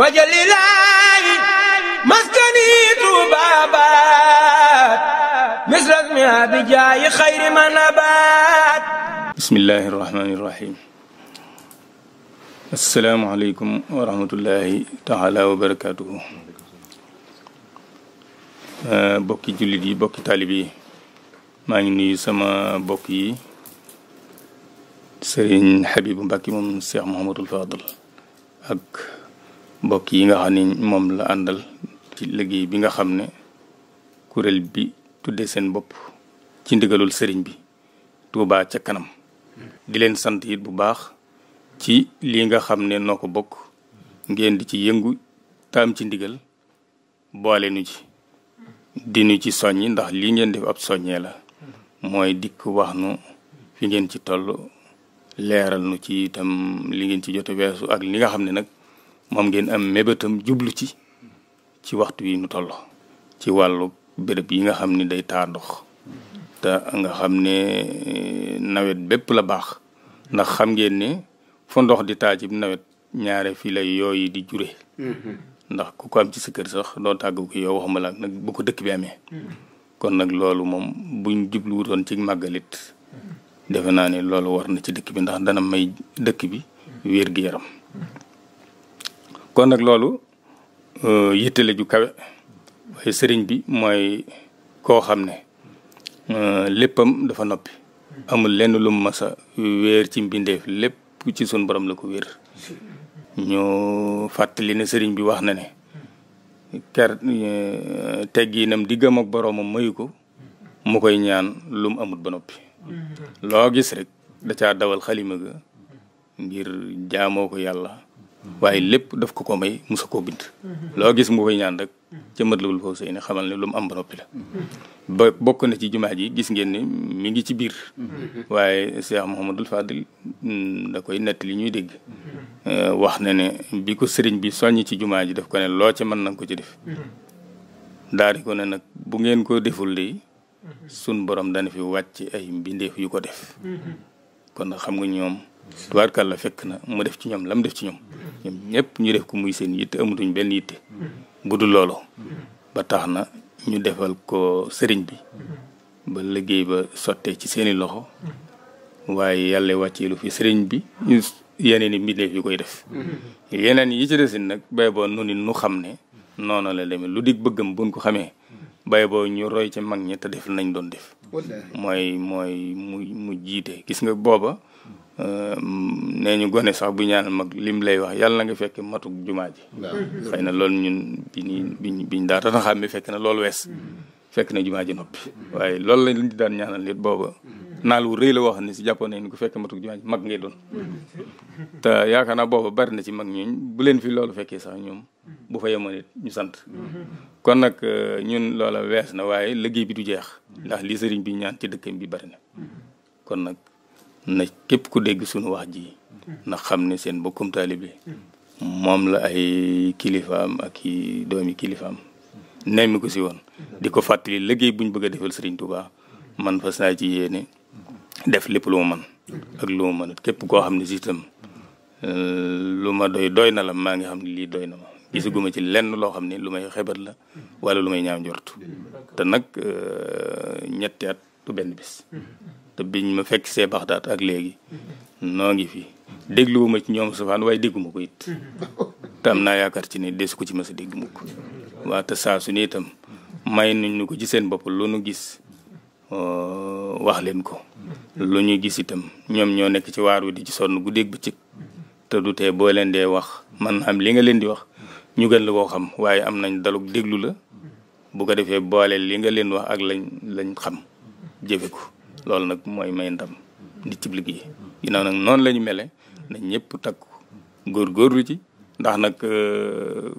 wajalilaayi maskani tuubaabaat misras mi abijaayi xayri manabaat bismillaahi rahmaani rahiim assalaamu aleykum wa rahmatullaahi taala wa barakaatuhu euh, bokki jullit yi bokki taalib yi maa ngi nuyu sama bokk yi sëriñ Xabibu Mbàkke moom Cheikh Mouhamadul Fadal ak mbokk yi nga xam ni moom la àndal ci liggéey bi nga xam ne kuréel bi tuddee seen bopp ci ndigalul sëriñ bi Touba ca kanam di leen sant it bu baax ci li nga xam ne noo ko bokk ngeen di ci yëngu taam ci ndigal boole nu ci di nu ci soññi ndax lii ngeen def ab soññee la mooy dikk wax nu fi ngeen ci toll leeral nu ci itam li ngeen ci jote weesu ak li nga xam ne nag moom ngeen am mébétam jublu ci ci waxtu wi nu toll ci wàllu béréb yi nga xam ni day taa ndox te nga xam ne eh, nawet bépp la baax ndax xam ngeen ne fa ndox di taa ci nawet ñaare fii lay yooyu di jure mm-hmm. ndax ku ko am ci sa kër sax doo tàggu ko yow waxuma nag bu ko dëkk bi amee mm-hmm. kon nag loolu moom buñ jubluwutoon wutoon ci màggalit defe naa ne loolu war na ci dëkk bi ndax dana may dëkk bi mm-hmm. wér gi yaram kon nag loolu euh, yitte ju kawe waaye sëriñ bi mooy koo xam ne euh, léppam dafa noppi amul lenn lu mu mas wéer ci mbindeef lépp ci sun boroom la ko wéer ñu fàttali ne sëriñ bi wax na ne ker euh, tegginam diggam ak boroomam mayu ko mu koy ñaan lum amut ba noppi mm-hmm. loo gis rek da caa dawal xalima ga ngir jaamoo ko yàlla waaye lépp daf ko ko may mosu koo bind. loo gis mu koy ñaan rek ca Matlabul Fawzayni xamal ne lu mu am ba noppi la. bokk na ci jumaa ji gis ngeen ni mu ngi ci biir. waaye Cheikh Mouhamadul Fadil mm, da koy nettali ñuy dégg. Euh, wax na ne bi ko sëriñ bi soññ ci jumaa ji daf ko ne loo ca mën na ko ci def. daal ko ne bu ngeen ko deful de sun borom dana fi wàcc ay mbindeef yu ko def. xam nga ñoom. la fekk na mu def ci ñoom la def ci ñoom. ñoom ñëpp ñu def ko muy seen yitte amatuñ benn yitte bu dul loolu ba tax na ñu defal ko sëriñ bi ba liggéey ba sottee ci seeni loxo waaye yàlla wàcceelu fi sëriñ bi yeneen i mbindeef yu koy def yeneen yi ci desin nag bay boo nu ni nu xam ne noonu la demee lu di bëggam buñ ko xamee bay boo ñu roy ci mag ñett a def nañ doon def mooy mooy mu mu jiite gis nga booba Euh, nee ñu gone sax bu ñaanal mag lim lay wax yàlla na nga fekk matuk jumaa ji xëy na loolu ñun bi ñuy biñ biñ daa tana xam fekk na loolu wees fekk na jumaa ji noppi waaye loolu la liñ daan ñaanal nit booba naal wu rëy la woo xam ne si jàppoon nañ ku fekk matuk jumaa ji mag ngay doon te yaakaar naa boobu bari na ci mag ñuñ bu leen fi loolu fekkee sax ñoom bu fa yemoon it ñu sant kon nag euh, ñun loola wees na waaye liggéey bi du jeex ndax li sëriñ bi ñaan ci dëkkam bi bari na kon nag na képp ku dégg sunu wax ji na xam ne seen bokkum taalibe moom la ay kilifaam ak i doomi kilifaam nemmi ko si woon di ko fàttali liggéey buñ bëgg a defal Serigne Touba man fas saa ci yéene def lépp lu ma mën ak lu ma mënut képp koo xam ne si itam euh, lu ma doy doy na la maa ngi xam ne lii doy na ma gisaguma ci lenn loo xam ne lu may xebat la wala lu may ñaaw njort te nag euh, ñetti at du benn bis te biñ ma fekk see baxdaat ak léegi noo ngi fi dégluwuma ci ñoom safaan waaye dégguma ko it te am naa yaakaar ci ne desu ko ci mas a dégg mukk waa te saa su ne itam may nañ ñu ko ci seen bopp lu nu gis euh, wax leen ko lu ñu gis itam ñoom ñoo nekk ci waar wi di ci sonn bu dégg bëccëg te du tee boo leen dee wax man am li nga leen di wax ñu gën la koo xam waaye am nañ dalug déglu la bu ko defee boole li nga leen wax ak lañ lañ xam jëfe ko loolu nag mooy may ndam di cib liggéey ginnaaw nag noonu la ñu mele na ñëpp góor góorgóorlu ci ndax nag euh,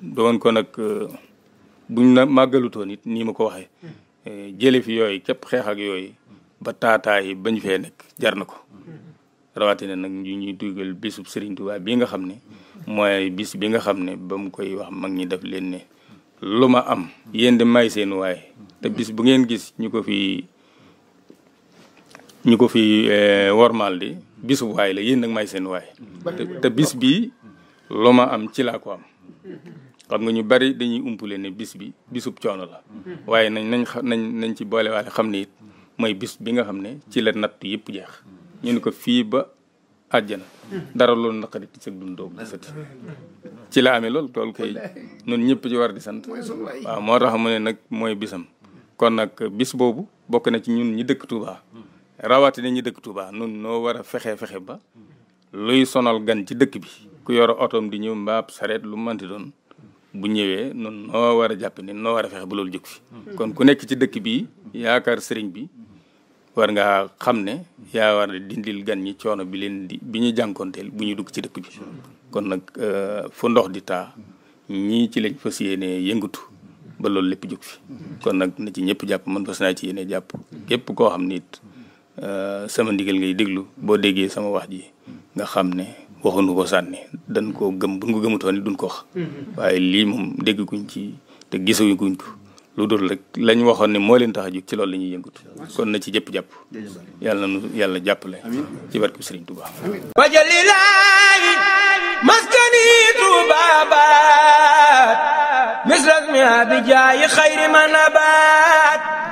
doon ko nag euh, buñ na màggalutoon it nii ma ko waxee euh, jële fi yooyu képp xeex ak yooyu ba taataay bañ fee nekk jar na ko rawatina nag ñu ñuy dugal bisub Serigne Touba bi nga xam ne mooy bis bi nga xam ne ba mu koy wax mag ñi def leen ne lu ma am yéen de may seen waaye te bis bu ngeen gis ñu ko fi ñu ko fi eh, wormaal di bisu waay la yéen nag may seen waay te bis bii lu ma am ci laa ko am xam nga ñu bari dañuy umpule ne bis bi bisub coono la waaye nañ nañ nañ nañ ci boole xam ne it mooy bis bi nga xam ne ci la natt yëpp jeex ñu ne ko fii ba àjjana dara loolu naqari ci sëg dundoo bu sëti ci la amee loolu tool koy noonu ñëpp ci war di sant waaw moo tax mu ne nag mooy bisam kon nag bis boobu bokk na ci ñun ñi dëkk Touba rawatina ñi dëkk Touba nun noo war a fexe fexe ba luy sonal gan ci dëkk bi ku yor otoom di ñëw mbaab sareet lu mu doon bu ñëwee nun noo war a jàpp ni noo war a fexe ba loolu jóg fi kon ku nekk ci dëkk bi yaakaar sëriñ bi war nga xam ne yaa war dindil gan ñi coono bi leen di bi ñu jànkoonteel bu ñu dugg ci dëkk bi kon nag euh, fu ndox di taa ñii ci lañ fas yéene yëngatu ba loolu lépp jóg fi kon nag na ci ñëpp jàpp mën fas naa ci yéene jàpp képp koo xam nit Euh, sama ndigal ngay déglu boo déggee sama wax ji nga xam ne waxuñu ko sànni dañ ko gëm buñ ko gëmutoon duñ ko wax. Mm-hmm. waaye lii moom dégg guñ ci te gisu guñ ko lu dul rek lañ waxoon ne moo leen tax a jóg ci loolu la ñuy kon na ci jëpp jàpp yàlla nu yàlla jàppale ci barke Sëriñ Tuubaa wajalilaayi maskani misras mi abijaayi xayri manabaat